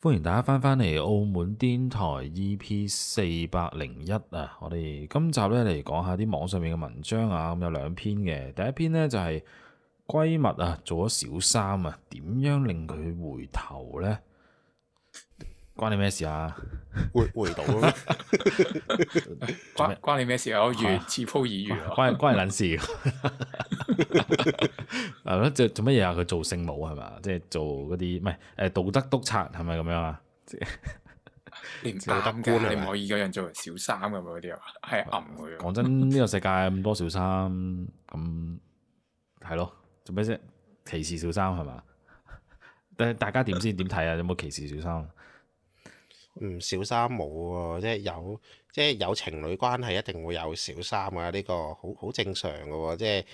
歡迎大家翻返嚟澳門癲台 EP 四百零一啊！我哋今集咧嚟講下啲網上面嘅文章啊，咁有兩篇嘅。第一篇咧就係、是、閨蜜啊，做咗小三啊，點樣令佢回頭咧？關你咩事啊？回回到！咯 關關你咩事啊？如似鋪耳語，關人捻事，係咯？做做乜嘢啊？佢做聖母係咪？即係、就是、做嗰啲唔係誒道德督察係咪咁樣啊？你唔得噶，你唔可以嗰樣做人小三咁嗰啲啊，係暗佢。講真，呢個世界咁多小三咁係咯？做咩啫？歧視小三係嘛？但係 大家點先點睇啊？有冇歧視小三？唔小三冇喎，即係有，即係有，有情侶關係一定會有小三啊！呢個好好正常嘅喎，即係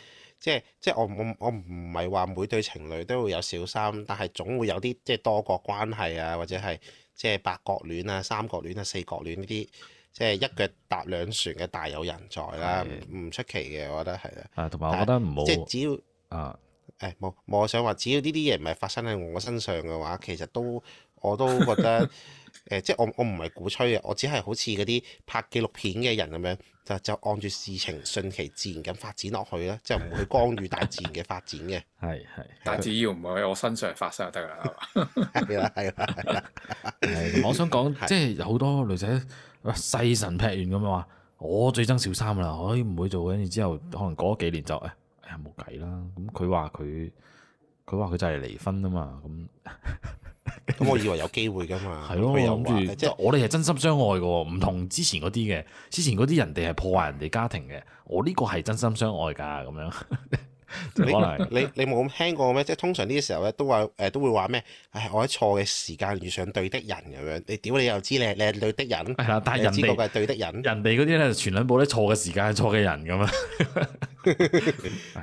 即係即係我我我唔係話每對情侶都會有小三，但係總會有啲即係多角關係啊，或者係即係八角戀啊、三角戀啊、四角戀呢啲，即係一腳踏兩船嘅大有人在啦，唔出是奇嘅，我覺得係啊。同埋我覺得唔好是。但即係只要啊、哎，誒冇冇我想話，只要呢啲嘢唔係發生喺我身上嘅話，其實都我都覺得。 誒，即係我我唔係鼓吹嘅，我只係好似嗰啲拍紀錄片嘅人咁樣，就就按住事情順其自然咁發展落去咧，就唔去干預大自然嘅發展嘅。係係，但只要唔係喺我身上發生就得啦。係啦係啦係啦，我想講即係有好多女仔哇細神劈完咁樣話，我最憎小三啦，我唔會做嘅。之後可能過幾年就誒誒冇計啦。咁佢話佢。佢話佢就嚟離婚啊嘛，咁咁 我以為有機會噶嘛，係咯 的，諗住即係我哋係真心相愛噶，唔同之前嗰啲嘅，之前嗰啲人哋係破壞人哋家,家庭嘅，我呢個係真心相愛噶，咁樣。 你你冇咁聽過咩？即係通常呢啲時候咧，都話誒，都會話咩？唉、哎，我喺錯嘅時間遇上對的人咁樣。你屌你又知你你係對的人係啦，但係人知道係對的人。哎、人哋嗰啲咧全兩部咧錯嘅時間係錯嘅人咁啊，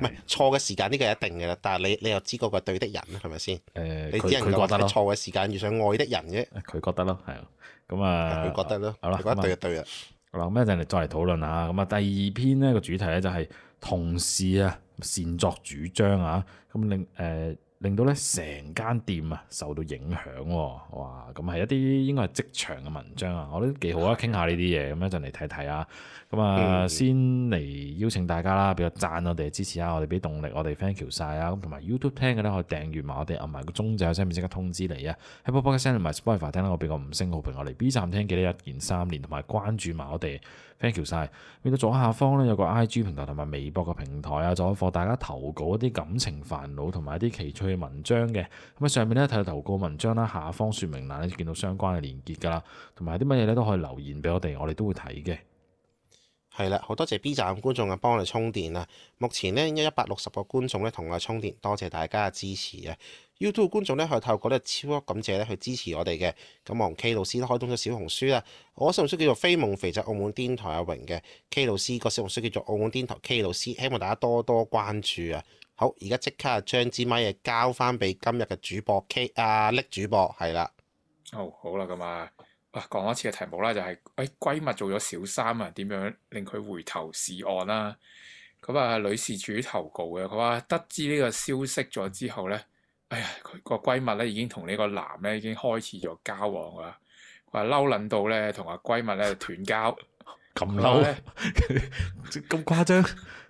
唔係錯嘅時間呢個係一定噶啦。但係你你又知嗰個對的人咧，係咪先？誒、嗯，佢佢覺得錯嘅時間遇上愛的人啫。佢覺得咯，係啊，咁、嗯、啊，佢、嗯嗯、覺得咯，嗱吧，如果對就對啦、嗯。嗱，一陣嚟再嚟討論下咁啊？第二篇呢個主題咧就係同事啊。擅作主張啊！咁令誒。呃令到咧成間店啊受到影響喎、哦，哇！咁係一啲應該係職場嘅文章看看啊，我都幾好啊，傾下呢啲嘢咁一陣嚟睇睇啊。咁啊，先嚟邀請大家啦，俾個贊我哋嘅支持啊，我哋俾動力，我哋 thank you 晒啊。咁同埋 YouTube 聽嘅咧可以訂閱埋我哋，按埋個鐘仔有聲面即刻通知你啊。喺播播嘅聲同埋 Spotify 聽咧，我俾個五星好評我哋。B 站聽幾多一鍵三連，同埋關注埋我哋 thank you 晒。曬、啊。到左下方咧有個 IG 平台同埋微博嘅平台啊，做一課大家投稿一啲感情煩惱同埋一啲奇趣嘅文章嘅咁啊，上面咧睇到投稿文章啦，下方說明欄咧見到相關嘅連結噶啦，同埋啲乜嘢咧都可以留言俾我哋，我哋都會睇嘅。係啦，好多謝 B 站觀眾啊，幫我哋充電啦！目前咧已經一百六十個觀眾咧同我哋充電，多謝大家嘅支持啊！YouTube 觀眾咧係透過咧超級感謝咧去支持我哋嘅。咁我同 K 老師都開通咗小紅書啦，我小紅書叫做飛夢肥仔、就是、澳門癲台阿榮嘅，K 老師個小紅書叫做澳門癲台 K 老師，希望大家多多，多關注啊！好，而家即刻啊，將支咪啊交翻俾今日嘅主播 K 啊，叻主播係啦。哦，好啦，咁啊，啊講一次嘅題目啦，就係，誒，閨蜜做咗小三啊，點樣令佢回頭是岸啦？咁啊，女事主投稿嘅，佢話得知呢個消息咗之後咧，哎呀，佢個閨蜜咧已經同呢個男咧已經開始咗交往啦，佢話嬲捻到咧同阿閨蜜咧斷交，咁嬲，咁誇張？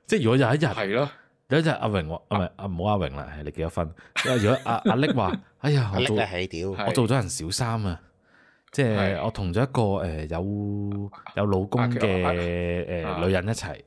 即係如果有一日，係咯。有一日阿榮，啊唔係，唔好阿榮啦，你幾多分？」如果阿阿力話，哎呀，我做係屌，我做咗人小三啊！即係我同咗一個誒有有老公嘅誒女人一齊。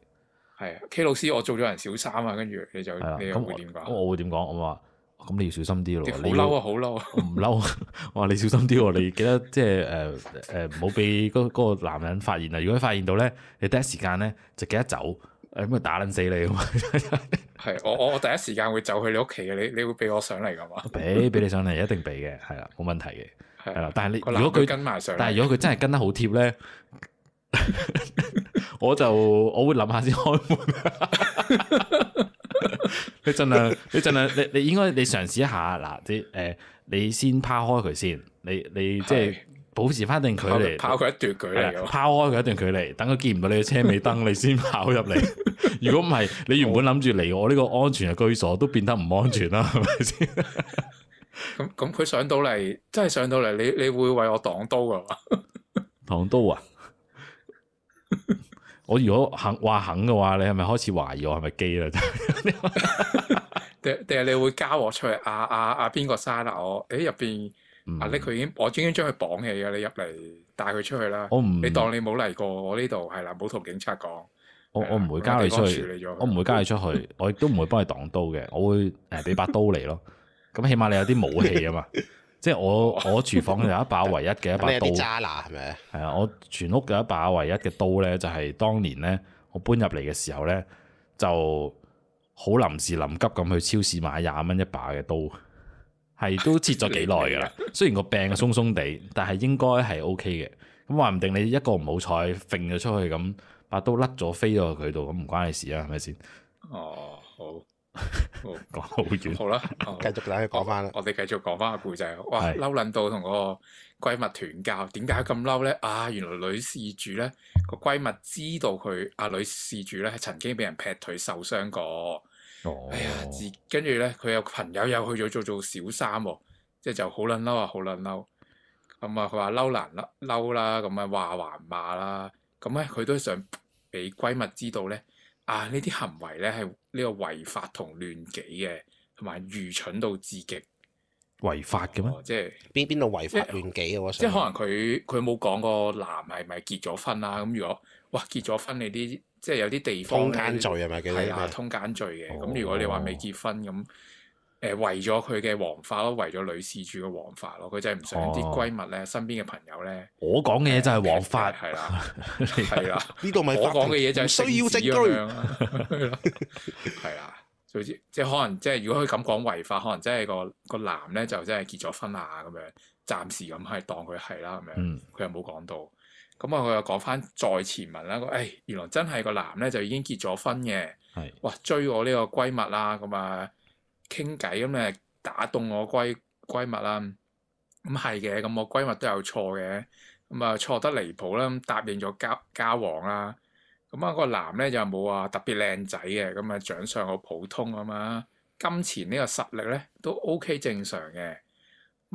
係啊，K 老師，我做咗人小三啊，跟住你就你會點講？咁咁我會點講？我話，咁你要小心啲咯。好嬲啊！好嬲！啊？唔嬲。我話你小心啲喎，你記得即係誒誒，唔好俾嗰個男人發現啊！如果發現到咧，你第一時間咧就記得走，咁就打撚死你啊！係，我我我第一時間會走去你屋企嘅，你你會俾我上嚟噶嘛？俾俾你上嚟，一定俾嘅。係啦，冇問題嘅，係啦的。但係你如果佢跟埋上嚟，但係如果佢真係跟得好貼咧，我就我會諗下先開門。你盡量，你盡量，你你應該你嘗試一下嗱，即誒，你先拋開佢先，你你，你即係。保持翻定距離，拋佢一段距離，拋的開佢一段距離，等佢見唔到你嘅車尾燈， 你先跑入嚟。如果唔係，你原本諗住嚟我呢個安全嘅居所，都變得唔安全啦，係咪先？咁咁、 嗯，佢、嗯、上到嚟，真係上到嚟，你你會為我擋刀㗎嘛？擋 刀啊！我如果肯話肯嘅話，你係咪開始懷疑我係咪機啦？定定係你會交我出去？啊啊啊，邊個嘥啊？啊啊我？誒入邊？ 欸阿 n 佢已經，我專專將佢綁起嘅，你入嚟帶佢出去啦。我唔不，你當你冇嚟過我呢度，係啦，冇同警察講。我我唔會交你出去，啊、我唔會交你出去， 我亦都唔會幫你擋刀嘅。我會誒俾把刀嚟咯。咁 起碼你有啲武器啊嘛。 即係我我廚房有一把唯一嘅一把刀。渣拿係咪？係啊， 我全屋嘅一把唯一嘅刀咧，就係、是、當年咧我搬入嚟嘅時候咧，就好臨時臨急咁去超市買廿蚊一把嘅刀，刀。係都切咗幾耐噶啦，雖然個病鬆鬆地， 但係應該係 O K 嘅。咁話唔定你一個唔好彩，揈咗出去咁，把刀甩咗飛咗佢度，咁唔關你事啊，係咪先？哦，好，講好遠 遠。好啦，繼 續等佢講翻啦。我哋繼續講翻個故仔。哇，嬲捻到同個閨蜜斷交，點解咁嬲咧？啊，原來女事主咧、個閨蜜知道佢啊，女事主咧曾經俾人劈腿受傷過。哎呀，自跟住咧，佢有朋友又去咗做做小三喎、哦，即係就好撚嬲啊，好撚嬲咁啊！佢話嬲男嬲嬲啦，咁啊話還罵啦，咁咧佢都想俾閨蜜知道咧，啊呢啲行為咧係呢個違法同亂紀嘅，同埋愚蠢到至極。違法嘅咩、呃？即係邊邊度違法亂紀即是是啊？即係可能佢佢冇講過男係咪結咗婚啦？咁如果嘩結咗婚你啲。即係有啲地方咧，通奸罪係咪？係啊，通奸罪嘅。咁、哦、如果你話未結婚咁，誒違咗佢嘅王法咯，違咗女事主嘅王法咯，佢真係唔想啲閨蜜咧、哦、身邊嘅朋友咧。我講嘅嘢就係王法，係啦，係啦，呢度咪我講嘅嘢就係需要證據，係啦。所以即係可能即係如果佢咁講違法，可能真係個個男咧就真係結咗婚啊咁樣。暫時咁係當佢係啦，咁樣佢又冇講到，咁啊佢又講翻再前文啦。誒、哎、原來真係個男咧就已經結咗婚嘅，是哇追我呢個閨蜜啦，咁啊傾偈咁咧打動我閨閨蜜啊，咁係嘅，咁我閨蜜都有錯嘅，咁啊錯得離譜啦，咁、嗯、答應咗交交往啦，咁、嗯、啊、個男咧就冇話特別靚仔嘅，咁、嗯、啊長相好普通啊嘛，金錢呢個實力咧都 OK 正常嘅。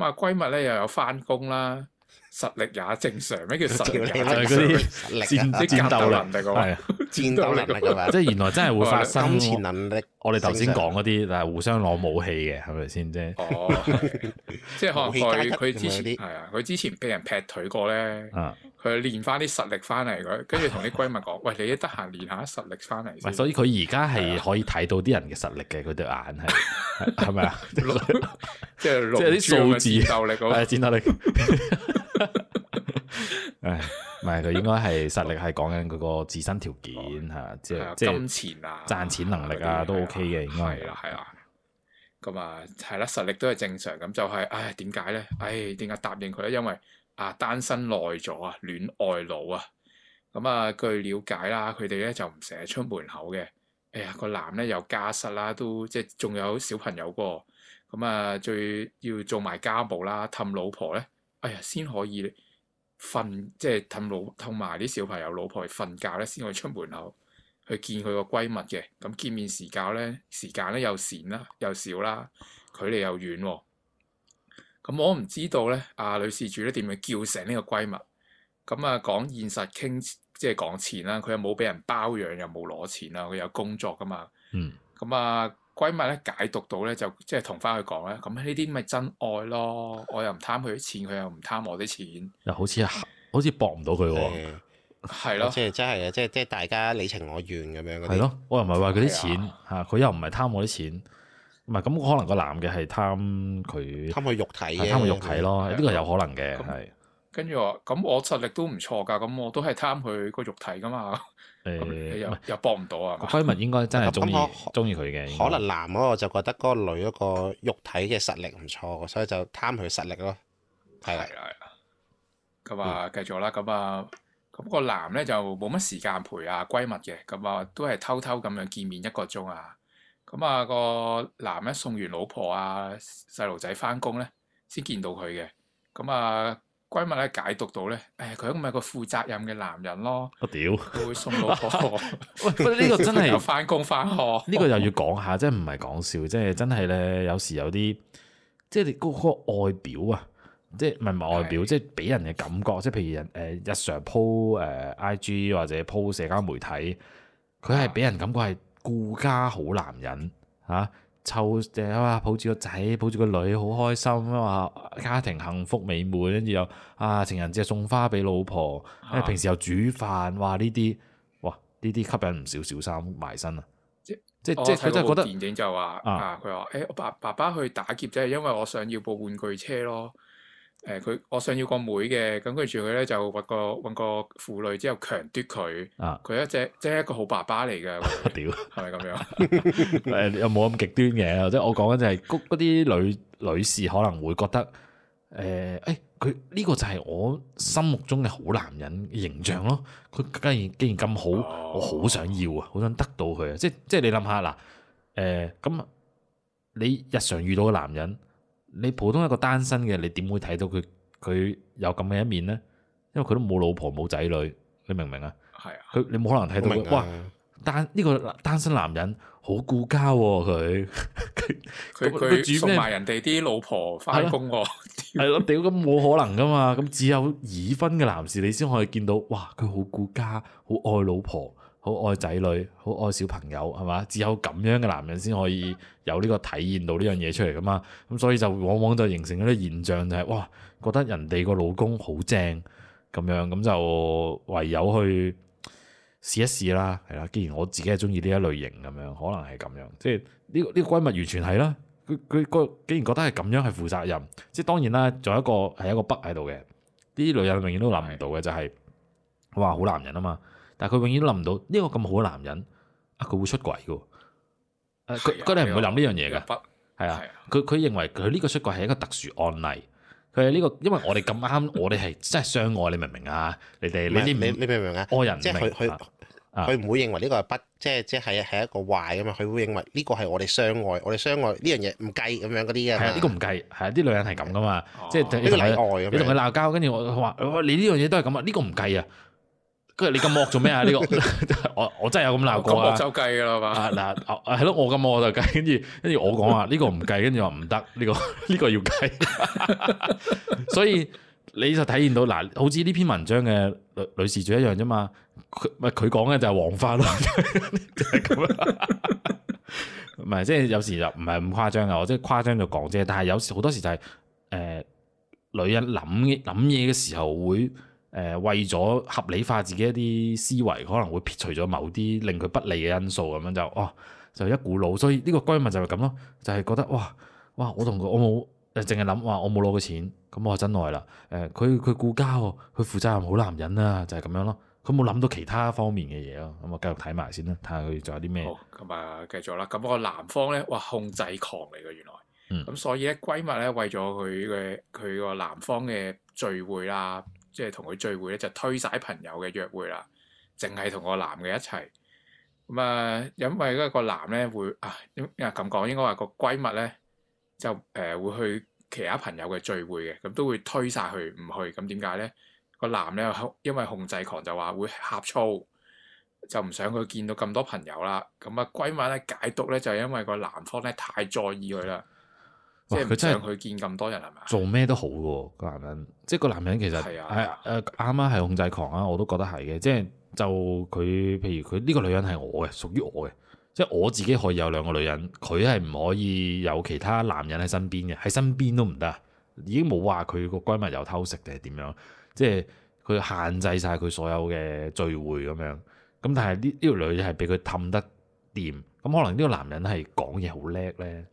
咁啊，閨蜜咧又有返工啦，實力也正常。咩叫實力啲？ 些戰戰鬥，力戰鬥能力喎， 的戰鬥能力啊！ 即係原來真係會發生金能力。我哋頭先講嗰啲嗱，互相攞武器嘅係咪先啫？是是 哦，即係可能佢佢之前係啊，佢之前畀人劈腿過咧啊。嗯佢練翻啲實力翻嚟佢。跟住同啲閨蜜講，喂，你得閒練下實力翻嚟。所以佢而家係可以睇到啲人嘅實力嘅，佢對眼係係咪啊？即係即係啲數字鬥力嗰個戰鬥力。唉，唔係佢應該係實力係講緊佢個自身條件嚇，即係即係金錢啊、賺錢能力啊都 OK 嘅，應該係。係啊，咁啊係啦，實力都係正常咁，就係唉點解咧？唉點解答應佢咧？因為啊，單身耐咗啊，戀愛老啊，咁、嗯、啊據了解啦，佢哋咧就唔成日出門口嘅。哎呀，個男咧有家室啦，都即係仲有小朋友喎。咁、嗯、啊，最要做埋家務啦，氹老婆咧，哎呀，先可以瞓，即係氹老氹埋啲小朋友老婆去瞓覺咧，先可以出門口去見佢個閨蜜嘅。咁、嗯、見面時間咧，時間咧又短啦，又少啦，距離又遠喎。咁我唔知道咧，阿女事主咧點樣叫醒呢個閨蜜？咁啊，講現實傾即係講錢啦，佢又冇俾人包養，又冇攞錢啦，佢有工作噶嘛。嗯。咁、嗯、啊，閨蜜咧解讀到咧就即係同翻佢講咧，咁呢啲咪真愛咯？我又唔貪佢啲錢，佢的又唔貪我啲錢。又好似好似駁唔到佢喎。係咯。即係真係啊！即係即係大家你情我願咁樣嗰啲。係咯，我又唔係話佢啲錢嚇，佢又唔係貪我啲錢。咁，可能個男嘅係貪佢貪佢肉體嘅，貪佢肉體咯，呢個的有可能嘅。係的的跟住話，咁我實力都唔錯㗎，咁我都係貪佢個肉體㗎嘛。誒，又博唔到啊！閨蜜應該真係中意中意佢嘅。麼可能男嗰個就覺得嗰個女嗰個肉體嘅實力唔錯，所以就貪佢實力咯。係啦，係啦。咁啊，嗯、繼續啦。咁啊，咁個男咧就冇乜時間陪啊閨蜜嘅。咁啊，都係偷偷咁樣見面一個鐘啊。咁啊個男人送完老婆啊細路仔翻工咧，先見到佢嘅。咁、那、啊、個、閨蜜咧解讀到咧，唉佢咪個負責任嘅男人咯。我屌，佢會送老婆。 喂，呢、這個真係有翻工翻學。呢 個又要講下，即係唔係講笑，即係真係咧，有時有啲即係你個個外表啊，即係唔係外表，是即係俾人嘅感覺，即係譬如人誒日常 po、uh, I G 或者 po 社交媒體，佢係俾人感覺係。顧家好男人嚇，湊誒哇，抱住個仔，抱住個女，好開心啊！家庭幸福美滿，跟住又啊情人節送花俾老婆，誒、啊、平時又煮飯，哇呢啲，哇呢啲吸引唔少小三埋身啊！即即即覺得電影就話啊，佢話誒我爸爸爸去打劫，即係因為我想要部玩具車咯。誒，佢、欸、我想要妹個妹嘅，咁跟住佢咧就搵個搵個婦女之後強奪佢，佢、啊、一隻即係一個好爸爸嚟嘅，屌係咪咁樣？誒 有冇咁極端嘅？即係我講緊就係嗰啲女女士可能會覺得，誒誒佢呢個就係我心目中嘅好男人形象咯，佢竟然竟然咁好，哦、我好想要啊，好想得到佢啊，即即係你諗下嗱，誒咁、呃、你日常遇到嘅男人。你普通一個單身嘅，你點會睇到佢佢有咁嘅一面呢？因為佢都冇老婆冇仔女，你明唔明啊？係啊，佢你冇可能睇到哇！單呢、呢個單身男人好顧家喎、哦，佢佢佢主攻埋人哋啲老婆翻工喎、啊，係咯屌咁冇可能噶嘛？咁只有已婚嘅男士你先可以見到，哇！佢好顧家，好愛老婆。好愛仔女，好愛小朋友，係嘛？只有咁樣嘅男人先可以有呢個體驗到呢樣嘢出嚟噶嘛？咁所以就往往就形成嗰啲現象，就是，就係哇，覺得人哋個老公好正咁樣，咁就唯有去試一試啦，係啦。既然我自己係中意呢一類型咁樣，可能係咁樣，即係呢呢個閨蜜、這個、完全係啦。佢佢個竟然覺得係咁樣係負責任，即係當然啦，仲有一個係一個不喺度嘅。啲女人永遠都諗唔到嘅的就係、是、哇，好男人啊嘛～但佢永遠都諗唔到呢個咁好嘅男人啊，佢會出軌嘅。誒，佢佢哋唔會諗呢樣嘢嘅，係啊。佢佢認為佢呢個出軌係一個特殊案例。佢係呢個，因為我哋咁啱，我哋係真係相愛，你明唔明啊？你哋你你明唔明啊？愛人唔明啊？佢唔會認為呢個係不，即係即係係一個壞嘅嘛。佢會認為呢個係我哋相愛，我哋相愛呢樣嘢唔計咁樣嗰啲嘅。係呢個唔計，係啊，啲女人係咁噶嘛，即係一個例外。你同佢鬧交，跟住我話：你呢樣嘢都係咁啊，呢個唔計啊！佢話你咁惡做咩啊？呢、這個我我真係有咁鬧過啊！周我收計噶啦嘛。啊嗱，係、啊、咯，我咁我就計，跟住跟住我講話呢個唔計，跟住話唔得，呢、這個呢、這個要計。 所以你就體現到嗱、啊，好似呢篇文章嘅女女事主一樣啫嘛。唔係佢講嘅就係王法咯 這， 就係咁樣。唔係，即係有時就唔係咁誇張噶，我即係誇張就講啫。但係有時好多時就係、是、誒、呃，女人諗諗嘢嘅時候會。誒為咗合理化自己一啲思維，可能會撇除咗某啲令佢不利嘅因素，咁樣就哦就一股腦。所以呢個閨蜜就係咁咯，就係、是、覺得哇哇我同佢，我冇，就淨係諗話我冇攞過錢，咁我真愛啦。誒佢佢顧家喎，佢負責任，好男人啊，就係、是、咁樣咯。佢冇諗到其他方面嘅嘢咯，咁啊繼續睇埋先啦，睇下佢仲有啲咩？好，咁啊繼續啦。咁個男方咧，哇，控制狂嚟嘅。原來。咁、嗯、所以咧，閨蜜咧為咗佢嘅佢個男方嘅聚會啦。即係同佢聚會咧，就推晒朋友嘅約會啦，淨係同個男嘅一齊。咁啊，因為嗰個男咧會啊，啊咁講應該話個閨蜜咧就誒、呃、會去其他朋友嘅聚會嘅，咁都會推晒佢唔去。咁點解咧？個男咧因為控制狂就話會呷醋，就唔想佢見到咁多朋友啦。咁、嗯、啊，閨蜜咧解讀咧就係因為個男方咧太在意佢啦。即係佢真係佢見咁多人係嘛？做咩都好嘅，那個男人，對即係個男人其實係對、uh, uh, 啊，誒誒啱啱係控制狂啊，我都覺得係嘅。即係就佢，譬如佢呢個女人係我嘅，屬於我嘅。即係我自己可以有兩個女人，佢係唔可以有其他男人喺身邊嘅，喺身邊都唔得。已經冇話佢個閨蜜有偷食定係點樣，即係佢限制晒佢所有嘅聚會咁樣。咁但係呢呢個女人係俾佢氹得掂，咁可能呢個男人係講嘢好叻咧。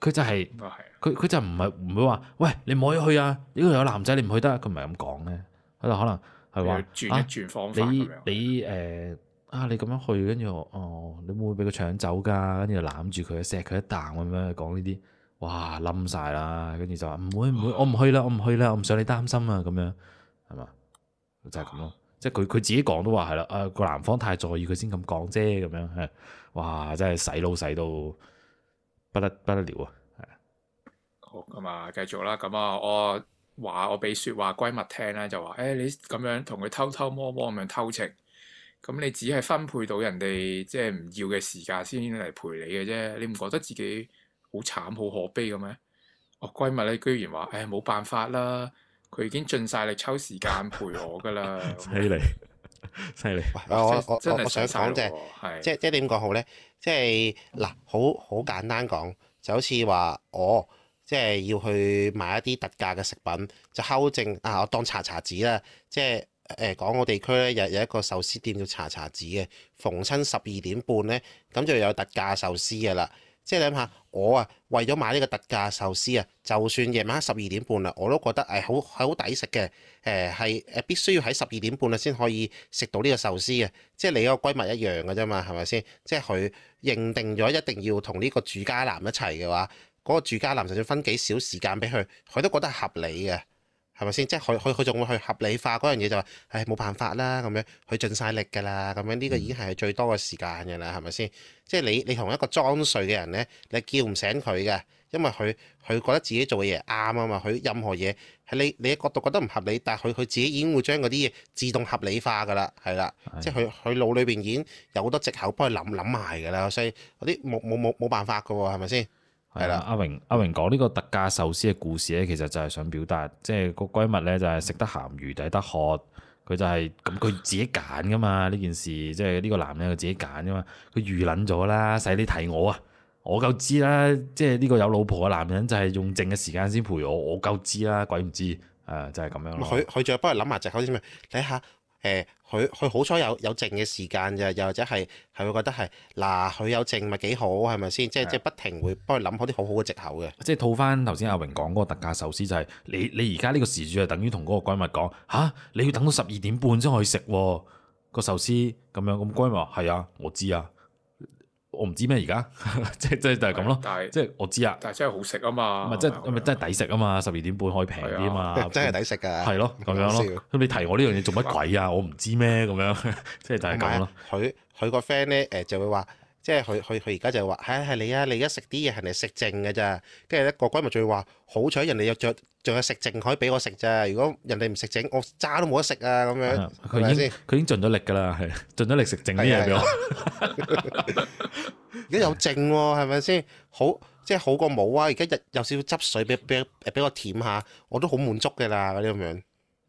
佢就係、是，佢佢就唔係唔會話，喂，你唔可以去啊！呢個有男仔、啊，你唔去得，佢唔係咁講咧。佢就可能係話，轉一轉方法，你你誒啊！你咁樣，呃啊、樣去，跟住哦，你會唔會俾佢搶走㗎？跟住就攬住佢，錫佢一啖咁樣講呢啲，哇，冧晒啦！跟住就話唔會唔會，我唔去啦，我唔去啦，我唔想你擔心啊，咁樣係嘛，就係咁咯。即係佢佢自己講都話係啦，誒、啊、個男方太在意佢先咁講啫，咁樣係哇，真係洗腦洗到～不得不得了好啊！係啊，好咁啊，繼續啦。咁啊，我話我俾說話閨蜜聽啦，就話誒、欸，你咁樣同佢偷偷摸摸咁樣偷情，咁你只係分配到人哋即係唔要嘅時間先嚟陪你嘅啫，你唔覺得自己好慘好可悲嘅咩？哦、啊，閨蜜咧居然話誒，冇、欸、辦法啦，佢已經盡晒力抽時間陪我噶啦，犀利。犀利 害，我我我真我想講就係，即即點講好咧？即係嗱，好好簡單講，就好似話我即係要去買一啲特價嘅食品，就修正啊！我當查查字啦，即係誒港澳地區咧，有有一個壽司店叫查查字嘅，逢親十二點半咧，咁就有特價壽司嘅啦。即係你諗下。嗯我啊，為咗買呢個特價壽司啊，就算夜晚十二點半啦，我都覺得誒好係好抵食嘅。誒係誒必須要喺十二點半啊，先可以食到呢個壽司嘅。即係你個閨蜜一樣嘅啫嘛，係咪先？即係佢認定咗一定要同呢個住家男一齊嘅話，嗰個住家男就算分幾少時間俾佢，佢都覺得合理嘅。係咪先？即係佢佢佢仲會去合理化嗰樣嘢，就話唉，冇辦法啦咁樣，佢盡晒力㗎啦咁樣，呢個已經係最多嘅時間㗎啦，係咪先？嗯、即係你你同一個裝睡嘅人咧，你叫唔醒佢嘅，因為佢佢覺得自己做嘅嘢啱啊嘛，佢任何嘢喺你你嘅角度覺得唔合理，但係佢佢自己已經會將嗰啲嘢自動合理化㗎啦，係啦，是的 即係佢佢腦裏邊已經有好多藉口幫佢諗諗埋㗎啦，所以嗰啲冇冇冇冇辦法㗎喎，係咪先？係啦、嗯，阿榮阿榮講呢個特價壽司嘅故事咧，其實就係想表達，即係個閨蜜咧就係食得鹹魚抵得渴，佢就係咁佢自己揀噶嘛呢件事，即係呢個男人佢自己揀噶嘛，佢預諗咗啦，使你提我啊，我夠知啦，即係呢個有老婆嘅男人就係用剩嘅時間先陪我，我夠知啦，鬼唔知，誒就係咁樣。佢佢仲要幫佢諗下隻口先，睇下。就是誒，佢佢、欸、好彩有有剩嘅時間就，又或者係係會覺得係嗱，佢有剩咪幾好，係咪先？即係即係不停會幫佢諗好啲好好嘅藉口嘅的。即係套翻頭先阿榮講嗰個特價壽司，就係、是、你你而家呢個時主，就等於同嗰個閨蜜講，吓、啊，你要等到十二點半先可以食、啊那個壽司咁樣，咁閨蜜話係啊，我知啊。我唔知咩而家， 就是就是即即係就係咁咯。即係我知啊，但係真係好食啊嘛。唔係即係唔係真係抵食啊嘛。十二點半可以平啲啊嘛。對真係抵食噶。係咯了，咁樣咯。咁你提我呢樣嘢做乜鬼啊？ 我唔知咩咁樣，即係就係咁咯。佢佢個 friend 咧，誒、呃、就會話。即係佢佢佢而家就話，係係你啊！你而家食啲嘢係咪食剩嘅咋？跟住咧個閨蜜仲要話，好彩人哋有著，仲有食剩可以俾我食咋？如果人哋唔食剩，我渣都冇得食啊！咁樣係咪先？佢已經盡咗力㗎啦，係盡咗力食剩啲嘢俾我。而家有剩喎，係咪先？好即係好過冇啊！而家日有少少汁水俾俾誒俾我舔下，我都好滿足㗎啦嗰啲咁樣。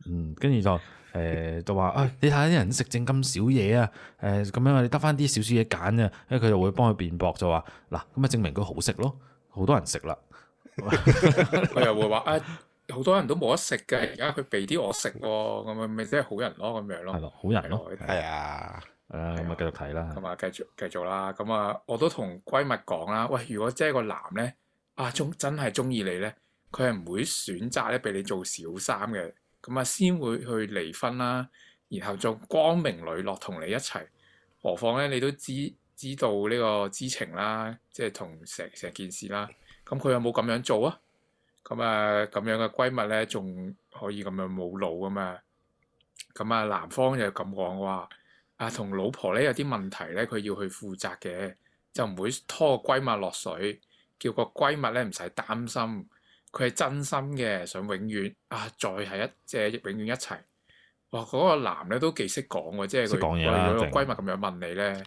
嗯，跟住就。誒、欸，都話，誒、哎，你睇下啲人食剩咁少嘢啊，誒、欸，咁樣你得翻啲少少嘢揀嘅，因為佢就會幫佢辯駁，就話，嗱，咁啊證明佢好食咯，好多人食啦，佢 又會話，誒、哎，好多人都冇得食嘅，而家佢俾啲我食，咁咪咪即係好人咯，咁樣咯，係咯、啊，好人咯，係啊，誒、啊，咁啊繼續睇啦，咁啊繼續繼續啦，咁啊，我都同閨蜜講啦，喂，如果即係個男咧，啊，仲真係中意你咧，佢係唔會選擇咧俾你做小三嘅。咁啊，先會去離婚啦，然後再光明磊落同你一齊。何況咧，你都知知道呢個知情啦，即係同成成件事啦。咁佢有冇咁樣做啊？咁啊，咁樣嘅閨蜜咧，仲可以咁樣冇腦啊嘛？咁啊，男方又咁講話啊，同老婆咧有啲問題咧，佢要去負責嘅，就唔會拖個閨蜜落水，叫個閨蜜咧唔使擔心。佢係真心嘅，想永遠啊，再係一即係永遠一齊。哇，嗰個男咧都幾識講喎，即係佢，講嘢啦，如果閨蜜咁樣問你咧，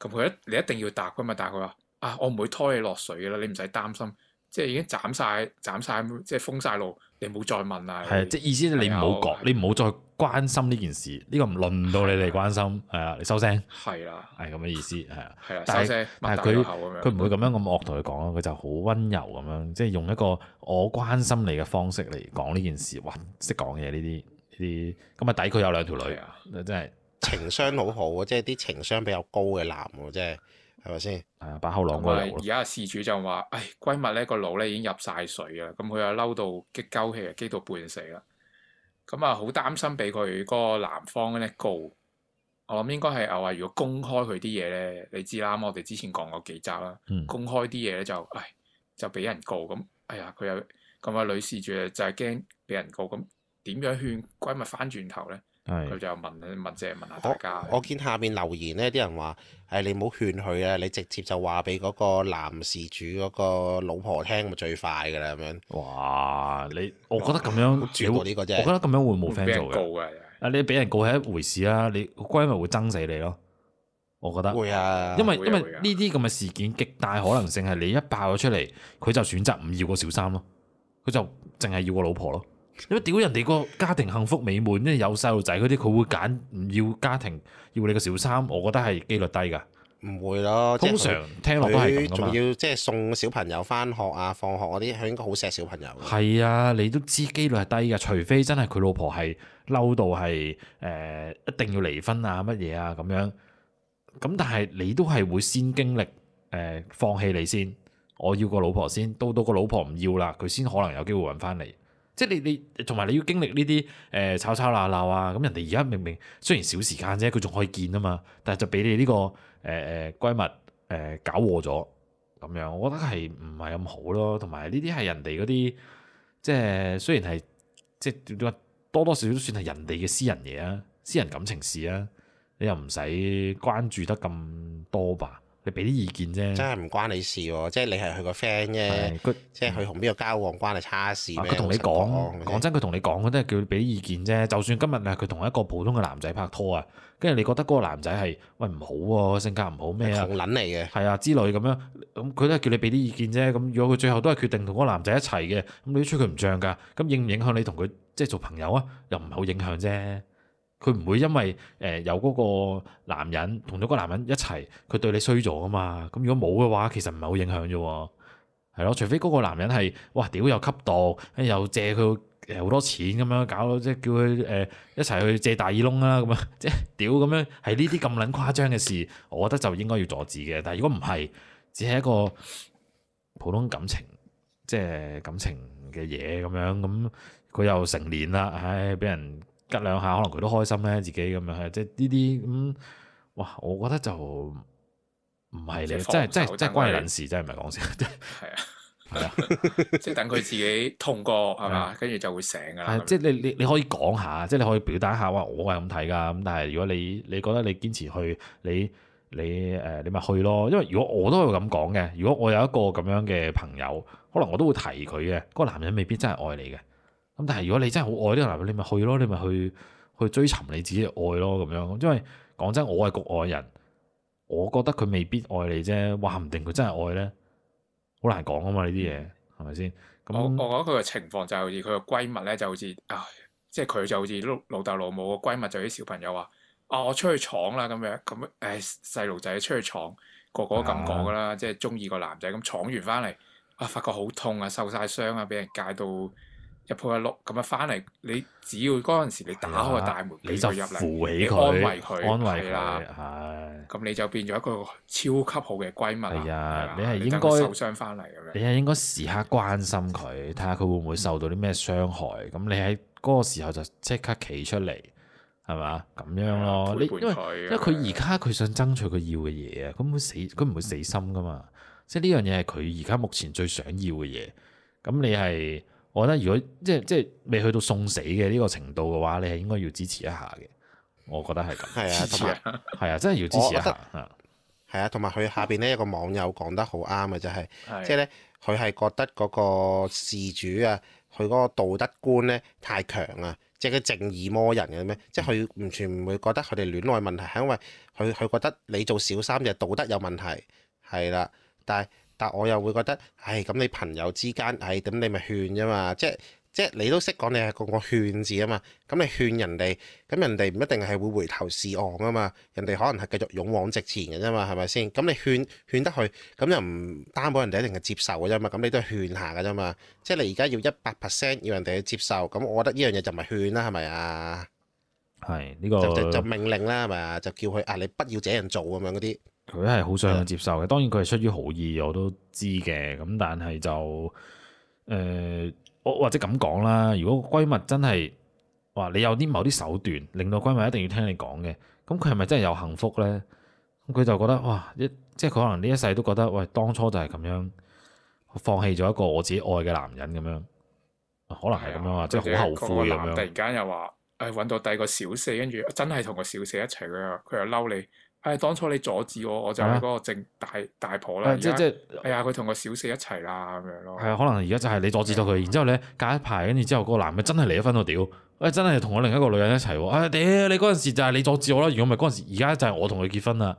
咁佢一你一定要答噶嘛。但係佢話啊，我唔會拖你落水噶啦，你唔使擔心，即係已經斬晒，斬曬，即係封晒路。你唔好再問啦。係，即係意思你唔好講，的你唔好再關心呢件事。呢個唔輪到你哋關心係啊的，你收聲。係啦，係咁嘅意思係啊。的但是收聲，擘大口咁樣。佢唔會咁樣咁惡同佢講咯，佢就好温柔咁樣，即係用一個我關心你嘅方式嚟講呢件事。哇，識講嘢呢啲呢啲咁啊，抵佢有兩條女啊，的真係是情商好好啊，即係啲情商比較高嘅男喎，即係。係咪先？係把口狼嗰，而家事主就話，唉、哎，閨蜜咧個腦咧已經入晒水啊！咁佢、嗯、又嬲到激鳩氣啊，激到半死啦。咁啊，好擔心俾佢嗰個男方咧告。我諗應該係我話，如果公開佢啲嘢咧，你知啦，我哋之前講過幾集啦，嗯、公開啲嘢咧就，唉、哎，就俾人告。咁哎呀，佢又咁啊，那個、女事主就係驚俾人告。咁點樣勸閨蜜翻轉頭咧？佢就問啲物借問，問下大家我。我見下面留言咧，啲人話：誒、哎，你唔好勸佢啊，你直接就話俾嗰個男事主嗰個老婆聽，咪最快噶啦，咁樣。哇！你我覺得咁樣，我覺得咁樣會冇 friend 做嘅。啊，你俾人告係一回事啦，你閨蜜會憎死你咯。我覺得會啊，因為、啊、因為呢啲咁嘅事件，極大可能性係你一爆咗出嚟，佢就選擇唔要個小三咯，佢就淨係要個老婆咯。因為屌人哋個家庭幸福美滿，因為有細路仔嗰啲，佢會揀唔要家庭，要你個小三。我覺得係幾率低噶，唔會咯。通常聽落都係咁噶嘛，仲要即係送小朋友翻學啊、放學嗰啲，佢應該好錫小朋友。係啊，你都知幾率係低噶，除非真係佢老婆係嬲到係誒，一定要離婚啊，乜嘢啊咁樣。咁但係你都係會先經歷誒，呃，放棄你先，我要個老婆先。到到個老婆唔要啦，佢先可能有機會揾翻你。即係你你同埋你要經歷呢啲誒吵吵鬧鬧啊，咁人哋而家明明雖然少時間啫，佢仲可以見啊嘛，但係就俾你呢、呢個誒誒、呃、閨蜜誒、呃、搞和咗咁樣，我覺得係唔係咁好咯？同埋呢啲係人哋嗰啲即係雖然係即係多多少少都算係人哋嘅私人嘢啊，私人感情事啊，你又唔使關注得咁多吧。俾啲意見啫，真係唔關你事喎、哦。即係你係佢個 friend 啫，即係佢同邊個交往關差、嗯、你叉事佢同你講，講、嗯、真，佢同你講嘅都係叫你俾啲意見啫。就算今日你係佢同一個普通嘅男仔拍拖啊，跟住你覺得嗰個男仔係喂唔好喎、啊，性格唔好咩啊？兇撚嚟嘅，係啊，之類咁樣，咁佢都係叫你俾啲意見啫。咁如果佢最後都係決定同嗰個男仔一齊嘅，咁你都吹佢唔脹㗎。咁影唔影響你同佢即係做朋友啊？又唔係好影響啫。佢唔會因為誒有嗰個男人同咗個男人一齊，佢對你衰咗㗎嘛？咁如果冇嘅話，其實唔係好影響啫，係咯？除非嗰個男人係，哇！屌又吸毒，又借佢誒好多錢咁樣搞到，即係叫佢誒、呃、一齊去借大耳窿啦咁啊！即係屌咁樣，係呢啲咁撚誇張嘅事，我覺得就應該要阻止嘅。但係如果唔係，只係一個普通感情，即係感情嘅嘢咁樣，咁佢又成年啦，唉，俾人。吉兩下，可能佢都開心咧，自己咁樣，即係呢啲咁，哇！我覺得就唔係你。即係即係即係關人事，真係唔係講笑，係啊，係啊，即係等佢自己痛過係嘛，跟住就會醒噶啦。係，即係你你你可以講下，即係你可以表達下話我係咁睇㗎。咁但係如果你你覺得你堅持去，你你誒你咪去咯。因為如果我都會咁講嘅，如果我有一個咁樣嘅朋友，可能我都會提佢嘅。個男人未必真係愛你嘅。咁但係如果你真係好愛呢個男人，你咪去咯，你咪去去追尋你自己嘅愛咯，咁樣。因為講真，我係局外人，我覺得佢未必愛你啫，話唔定佢真係愛咧，好難講啊嘛呢啲嘢，係咪先？咁我我覺得佢嘅情況就好似佢嘅閨蜜咧，就好似唉，即係佢就好似老豆老母個閨蜜就啲小朋友話，啊我出去闖啦咁樣，咁誒細路仔出去闖個個都咁講噶啦，即係中意個男仔咁闖完翻嚟啊，發覺好痛啊，受晒傷啊，俾人戒到。入鋪一碌咁啊！翻嚟你只要嗰陣時，你打開個大門你就入嚟，扶起佢，你安慰佢，安慰佢啦，咁你就變咗一個超級好嘅閨蜜。係啊，你係應該受傷翻嚟咁樣，你係應該時刻關心佢，睇下佢會唔會受到啲咩傷害。咁你喺嗰個時候就即刻企出嚟，係嘛，咁樣咯？你因為因為，佢而家佢想爭取佢要嘅嘢啊，佢唔會死，佢唔會死心噶嘛。即係呢樣嘢係佢而家目前最想要嘅嘢。咁你係。我覺得如果即係即係未去到送死嘅呢個程度嘅話，你係應該要支持一下嘅。我覺得係咁，支持係啊，真係要支持一下。係啊，同埋佢下邊呢一個網友講得好啱嘅就係、係，即係呢，佢係覺得嗰個事主啊，佢嗰個道德觀呢太強啊，即係佢正義魔人嘅咩？即係佢完全唔會覺得佢哋戀愛問題係因為佢佢覺得你做小三就道德有問題係啦，但係。但我又會覺得，唉、哎，咁你朋友之間，唉、哎，咁你咪勸啫嘛，即係即係你都識講，你係個個勸字啊嘛，咁你勸人哋，咁人哋唔一定係會回頭是岸啊嘛，人哋可能係繼續勇往直前嘅啫嘛，係咪先？咁你勸勸得去，咁又唔擔保人哋一定係接受嘅啫嘛，咁你都係勸下嘅啫嘛，即係你而家要一百 percent 要人哋去接受，咁我覺得呢樣嘢就唔係勸啦，係咪啊？係呢、這個就，就，就命令啦，係咪啊？就叫佢啊，你不要這樣做咁樣嗰啲。佢係好想接受嘅，當然佢係出於好意，我都知嘅。咁但係就誒，我、呃、或者咁講啦，如果閨蜜真係話你有啲某啲手段，令到閨蜜一定要聽你講嘅，咁佢係咪真係有幸福咧？咁佢就覺得哇，一即係佢可能呢一世都覺得，喂，當初就係咁樣放棄咗一個我自己愛嘅男人咁樣，可能係咁樣啊，即係好後悔咁樣。突然間又話誒，搵、哎、到第二個小四，跟住真係同個小四一齊，佢佢又嬲你。係當初你阻止我，我就係嗰個正大、啊、大婆啦。即即係啊，佢同個小四一齊啦，咁樣咯。係啊，可能而家就係你阻止咗佢，的然之後咧隔一排，跟住之後個男嘅真係離咗婚。我屌，我真係同我另一個女人一齊。哎、啊、屌，你嗰陣時就係你阻止我啦。如果唔係嗰陣時，而家就係我同佢結婚啦。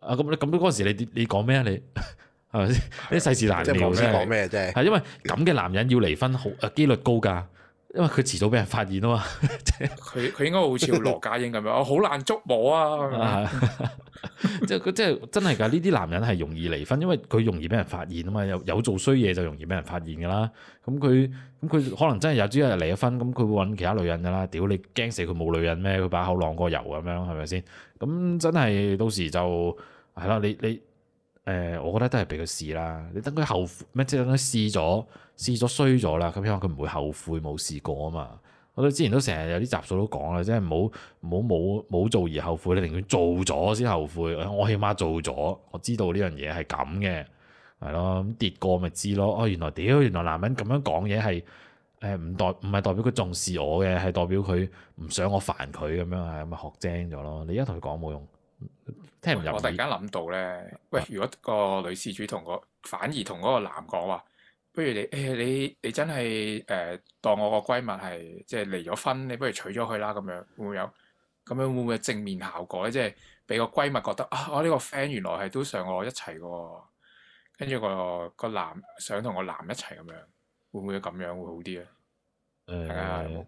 啊咁，咁嗰陣時你你講咩啊？你係咪先啲世事難料真係講咩啫？係的因為咁嘅男人要離婚好誒，幾率高噶。因為佢遲早俾人發現啊嘛，佢 佢應該好似羅家英咁樣，我好 難捉摸啊，即係即係真係噶呢啲男人係容易離婚，因為佢容易俾人發現啊嘛，有有做衰嘢就容易俾人發現噶啦，咁佢咁佢可能真係有朝一日離咗婚，咁佢會揾其他女人噶啦，屌 你驚死佢冇女人咩？佢把口浪過油咁樣，係咪先？咁真係到時就係啦，你你。你誒、呃，我覺得都係俾佢試啦。你等佢後悔咩？即係等佢試咗，試咗衰咗啦。咁希望佢唔會後悔冇試過啊嘛。我哋之前都成日有啲集數都講啦，即係唔好冇冇做而後悔，你寧願做咗先後悔。我起碼做咗，我知道呢樣嘢係咁嘅，係咯。咁跌過咪知咯。哦，原來屌，原來男人咁樣講嘢係誒唔代唔係代表佢重視我嘅，係代表佢唔想我煩佢咁樣啊，咪學精咗咯。你一同佢講冇用。我突然間諗到咧，啊、喂，如果個女事主同個反而同嗰個男講話，不如你誒、欸、你你真係誒、呃、當我個閨蜜係即係離咗婚，你不如娶咗佢啦咁樣，會唔會有咁樣會唔會有正面效果咧？即係俾個閨蜜覺得啊，我呢個 friend 原來係都想我一齊喎，嗰個、跟住個個男想同個男一齊咁樣，會唔會咁樣會好啲咧？係、嗯、啊。嗯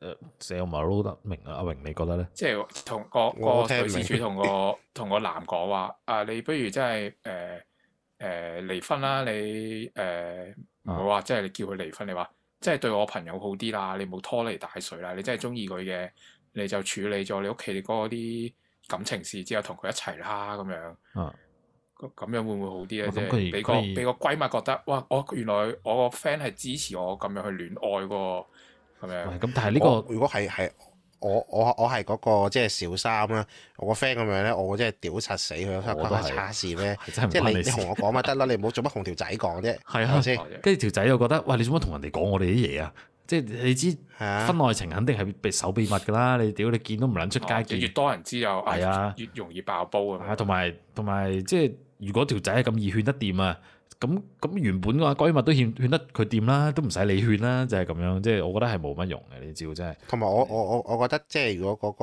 誒，社唔係得明啊，阿榮你覺得咧？即係同，同個個女事主同個同個男講話，啊，你不如真係誒誒離婚、呃啊、婚啦，你誒，唔好話即係你叫佢離婚，你話即係對我朋友好啲啦，你唔好拖泥帶水啦，你真係中意佢嘅，你就處理咗你屋企嗰啲感情事之後同佢一齊啦，咁樣咁、啊、樣會唔會好啲咧？即係俾個俾個閨蜜覺得，哇，我原來我個 friend 係支持我咁樣去戀愛噶。唔係咁，但係呢個如果係係我我我係嗰個即係小三啦，我個 friend 咁樣咧，我真係屌柒死佢，覺得係叉事咩？即係你 你同我講咪得啦，你唔好做乜同條仔講啫。係 啊，跟住條仔又覺得喂，你做乜同人哋講我哋啲嘢啊？即係你知婚外情肯定係被守秘密㗎啦，你屌你見都唔撚出街見。啊、越多人知又係啊，越容易爆煲啊，同埋同埋即係如果條仔咁易勸得掂嘛？咁咁，嗯嗯、原本嘅話，閨蜜都勸勸得佢掂啦，都唔使你勸啦，就係、是、咁樣。即係我覺得係冇乜用嘅，你知道，真。真係。同埋我我我我覺得，即係如果嗰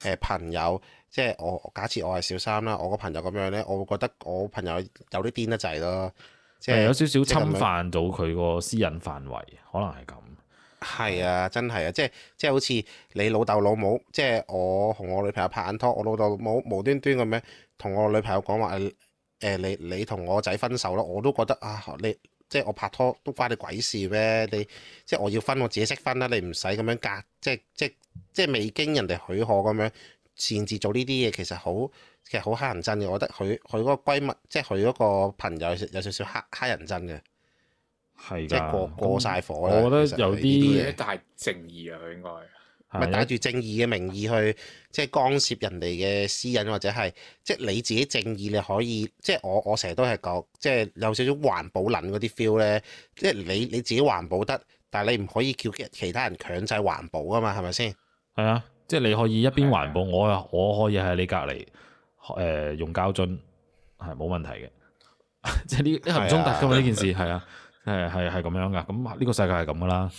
個誒朋友，即係我假設我係小三啦，我個朋友咁樣咧，我會覺得我朋友有啲癲得滯咯，即係有少少侵犯到佢個私隱範圍，可能係咁。係啊，真係啊，即係即係好似你老豆老母，即係我同我女朋友拍緊拖，我老豆老母無，無端端咁樣同我女朋友講話。誒、呃，你你同我仔分手咯，我都覺得啊，你即係我拍拖都關你鬼事咩？你即係我要分，我自己識分啦，你唔使咁樣隔，即係即係即係未經人哋許可咁樣擅自做呢啲嘢，其實好其實好乞人憎嘅。我覺得佢佢嗰個閨蜜，即係佢嗰個朋友有少少黑黑人憎嘅，係的即係過過晒火。我覺得有啲嘢，但係正義啊，佢應該。咪帶住正義嘅名義去，即係干涉人哋嘅私隱，或者係即係你自己正義，你可以即係我我成日都係講，即係有少少環保撚嗰啲 feel 咧，即係你你自己環保得，但係你唔可以叫其他人強制環保啊嘛，係咪先？係啊，即係你可以一邊環保，我我可以喺你隔籬，誒、呃、用膠樽係冇問題嘅， 即係呢呢係唔衝突噶嘛呢件事，係啊，係係係咁樣噶，咁呢個世界係咁噶啦。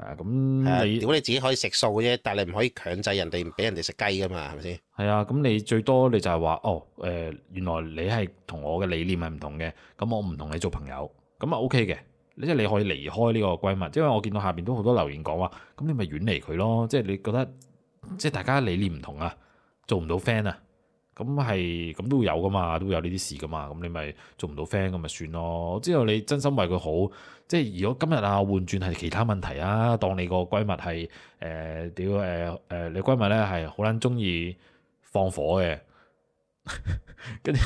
係啊，咁你如果你自己可以食素嘅啫，但係你唔可以強制人哋唔俾人哋食雞噶嘛，係咪先？係啊，咁你最多你就係話哦，誒、呃，原來你係同我嘅理念係唔同嘅，咁我唔同你做朋友，咁啊 OK 嘅，即係你可以離開呢個閨蜜，因為我見到下邊都好多留言講話，咁你咪遠離佢咯，即係你覺得即係大家理念唔同啊，做唔到 friend 啊。咁係，咁都會有噶嘛，都會有呢啲事噶嘛。咁你咪做唔到 friend，咁咪算咯。知道你真心為佢好，即係如果今日啊，換轉係其他問題啊，當你個閨蜜係誒屌誒誒，你閨蜜咧係好撚中意放火嘅，跟住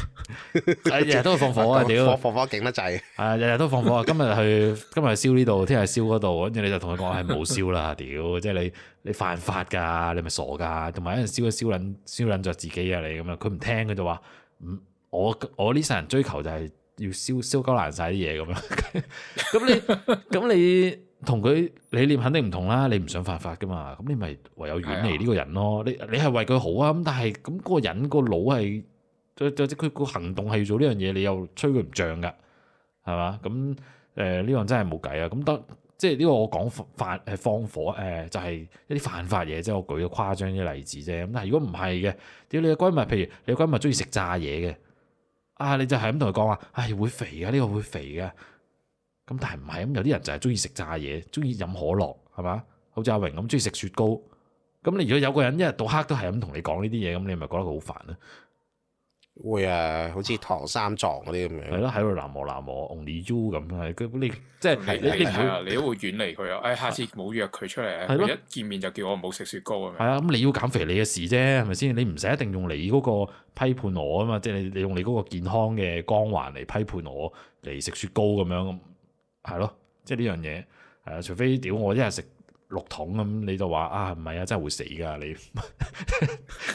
日日都放火 啊！屌放火勁得滯，係日日都放火啊！今日去今日燒呢度，聽日燒嗰度，跟住你就同佢講係冇燒啦！屌，即係你。你犯法㗎，你咪傻噶，同埋有人燒一燒撚燒撚著自己啊！你咁樣，佢唔聽佢就話，唔，我我呢世人追求就係要燒燒鳩爛晒啲嘢咁樣，咁 你咁 你同佢理念肯定唔同啦，你唔想犯法㗎嘛，咁你咪唯有遠離呢個人咯。啊、你你係為佢好啊，咁但係咁嗰個人、嗰個腦係，即佢個行動係要做呢樣嘢，你又吹佢唔脹㗎，係嘛？咁誒呢樣真係冇計啊！咁得。即係呢個我講犯係放火誒、呃，就係、是、一啲犯法嘢，即係我舉個誇張啲例子啫。咁但係如果唔係嘅，屌你個閨蜜，譬如你個閨蜜中意食炸嘢嘅，啊你就係咁同佢講話，唉、哎，會肥嘅，呢、這個會肥嘅。咁但係唔係咁，有啲人就係中意食炸嘢，中意飲可樂，係嘛？好似阿榮咁中意食雪糕。咁你如果有個人一日到黑都係咁同你講呢啲嘢，咁你咪覺得佢好煩啦。會啊，好似唐三藏嗰啲咁樣，係咯喺度南無南無 only you 咁啊，你即係你你係你都會遠離佢啊，哎下次冇約佢出嚟啊，你一見面就叫我冇食雪糕啊，係啊，咁你要減肥你嘅事啫，係咪先？你唔使一定用你嗰個批判我啊嘛，即係你你用你嗰個健康嘅光環嚟批判我嚟食雪糕咁樣，係咯、啊，即係呢樣嘢，係啊，除非屌我一日食。六桶，咁你就話，啊，唔係啊，真係會死噶你，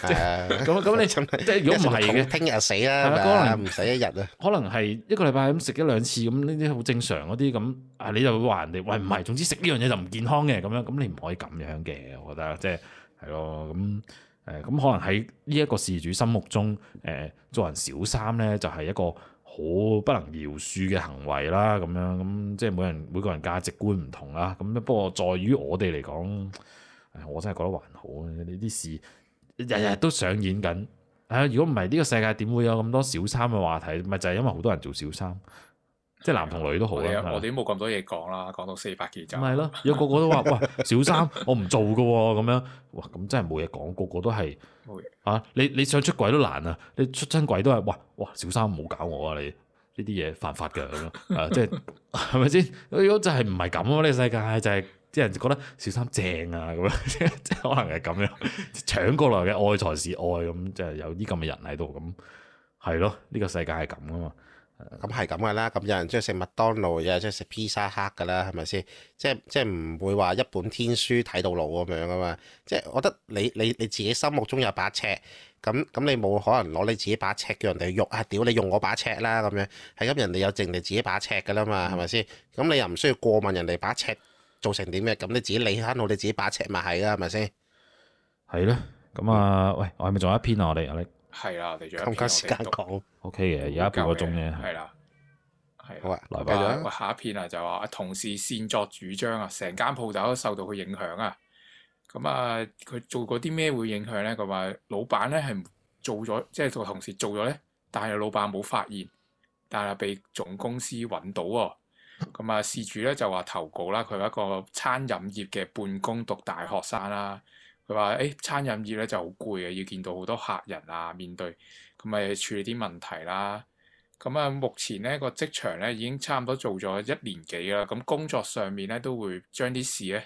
咁 咁即 你即係如果唔係嘅， 聽日死啦，啊啊、可能唔使一日啊，可能係一個禮拜咁食一兩次咁，呢啲好正常嗰啲咁，你就會話人哋喂，唔係，總之食呢樣嘢就唔健康嘅咁樣，咁你唔可以咁樣嘅，我覺得即係係咯咁，誒，咁可能喺呢一個事主心目中，誒、嗯、做人小三咧就係一個。好不能描述嘅行為啦，咁樣咁即係每人每個人價值觀唔同啦。咁不過在於我哋嚟講，我真係覺得還好。呢啲事日日都上演緊。啊，如果唔係呢個世界點會有咁多小三嘅話題？咪就係因為好多人做小三。即係男同女都好啦，呀的我哋冇咁多嘢講啦，講的到四百幾集，唔係咯，有家個個都話，喂，小三我唔做噶，咁樣，哇，咁真係冇嘢講，個個都係，啊，你你想出軌都難啊，你出親軌都係，哇，哇，小三唔好搞我啊，你呢啲嘢犯法嘅咁樣，啊，即係係咪先？如果就係唔係咁啊，呢個世界就係啲人覺得小三正啊，咁樣，即係可能係咁樣搶過來嘅愛才是愛，咁即係有啲咁嘅人喺度，咁係咯，呢、這個世界係咁啊嘛。咁係咁噶啦，咁有人中意食麥當勞，有人中意食披薩黑噶啦，係咪先？即係即係唔會話一本天書睇到老咁樣噶嘛？即係我覺得你你你自己心目中有把尺，咁咁你冇可能攞你自己把尺叫人哋喐。啊！屌你用我把尺啦咁樣，係咁人哋有剩嚟自己把尺噶啦嘛，係咪先？咁你又唔需要過問人哋把尺做成點嘅，咁你自己理返好，你自己把尺咪係啦，係咪先？係咯，咁啊，喂，我係咪仲有一篇啊？我哋。係啦，我哋仲有一片要讀 OK 嘅，有一半個鐘咧。係啦，係。 好啊，嚟下一片啊，就話啊，同事擅作主張啊，成間鋪頭都受到佢影響啊。咁啊，佢做過啲咩會影響咧？佢話老闆咧係做咗，即係同同事做咗咧，但係老闆冇發現，但係被總公司揾到喎。咁啊，事主咧就話投稿啦。佢係一個餐飲業嘅半工讀大學生啦，啊。佢話：，誒、欸，餐飲業咧就好攰嘅，要見到好多客人啊，面對，咁咪處理啲問題啦。咁啊，目前咧個職場咧已經差唔多做咗一年幾啦。咁工作上面咧都會將啲事咧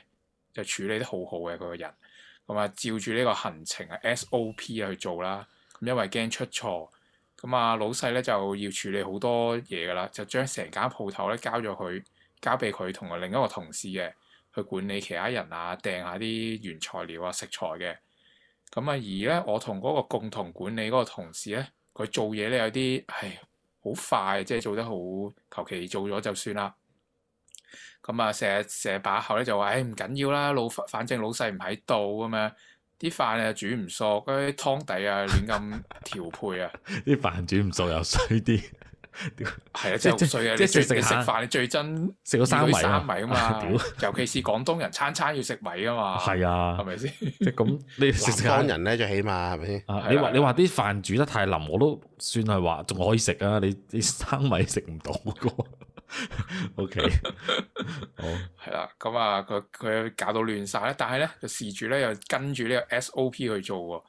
就處理得好好嘅佢個人，咁啊照住呢個行程啊、SOP 去做啦。咁因為驚出錯，咁啊老細咧就要處理好多嘢噶啦，就將成間鋪頭咧交咗佢，交俾佢同另一個同事嘅。去管理其他人啊，訂下啲原材料啊、食材嘅，咁啊而咧我同嗰個共同管理嗰個同事咧，佢做嘢咧有啲唉，好快，即係做得好求其做咗就算啦。咁啊，成日成日把口咧就話：，誒唔緊要啦，老反正老細唔喺度啊嘛，啲飯啊煮唔熟，嗰啲湯底啊亂咁調配啊，啲 飯煮唔熟又衰啲。 係啊，即係即你最食嘅食飯，你最憎食到生米生米啊嘛，啊尤其是廣東人餐餐要食米啊嘛，係啊，係咪先？即咁你食番人咧，最起碼係咪先？你話你話啲飯煮得太腍，我都算係話仲可以食啊，你啲生米食唔到個。O K，好，係啦，咁啊，佢佢搞到亂晒咧，但係咧個事主咧，又跟住呢個 S O P 去做喎。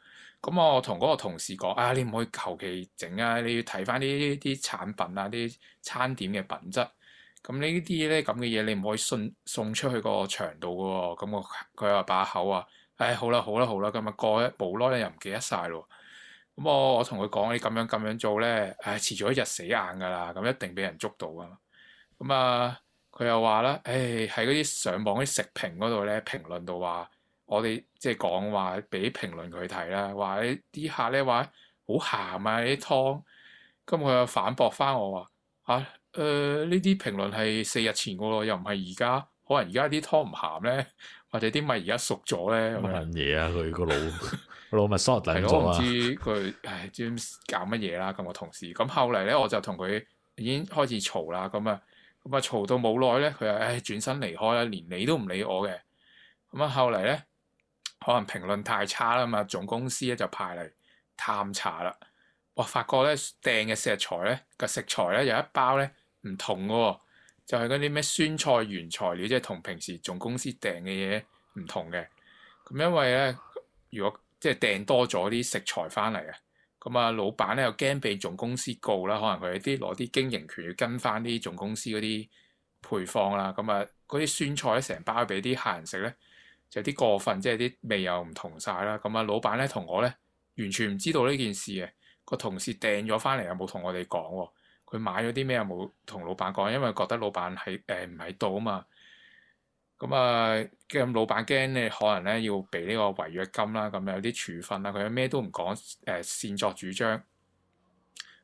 咁、嗯、我同嗰個同事講：啊，你唔可以求其整啊！你要睇翻呢啲產品啊，啲餐點嘅品質。咁呢啲咧咁嘅嘢，你唔可以送送出去個場度嘅喎。咁我佢話把口話、啊，唉，好啦好啦好啦，咁啊過一步咯，你又唔記得晒咯。咁我我同佢講，你咁樣咁樣做咧，唉，遲早一日死硬㗎啦！咁一定俾人捉到啊。咁啊，佢又話啦，唉，喺嗰啲上網啲食評嗰度咧，評論度話。我哋即係講話俾評論佢睇啦，話啲客咧話好鹹啊啲湯。咁佢又反駁翻我話啊，誒呢啲評論係四日前個喎，又唔係而家。可能而家啲湯唔鹹咧，或者啲米而家熟咗咧咁樣嘢啊！佢個腦個腦咪縮滯咗啊！我唔知佢搞乜嘢啦。咁我同事咁後嚟咧，我就同佢已經開始嘈啦。咁啊咁啊，嘈到冇耐咧，佢又唉轉身離開啦，連理都唔理我嘅。咁啊後嚟咧。可能評論太差啦嘛，總公司咧就派嚟探查啦。我發覺咧訂嘅食材咧個食材咧有一包咧唔同㗎喎，就係嗰啲咩酸菜原材料，即係同平時總公司訂嘅嘢唔同嘅。咁因為咧，如果即係訂多咗啲食材翻嚟啊，咁啊，老闆咧又驚俾總公司告啦。可能佢啲攞啲經營權去跟翻啲總公司嗰啲配方啦。咁啊，嗰啲酸菜咧成包俾啲客人食咧，就有啲過分，即係啲味又唔同晒啦。咁啊，老闆咧同我咧完全唔知道呢件事嘅個同事訂咗返嚟，又冇同我哋講，佢買咗啲咩又冇同老闆講，因為覺得老闆係誒唔喺度啊嘛。咁啊，咁老闆驚你可能咧要俾呢個違約金啦，咁、啊、有啲處分啦，佢、啊、咩都唔講，誒、呃、擅作主張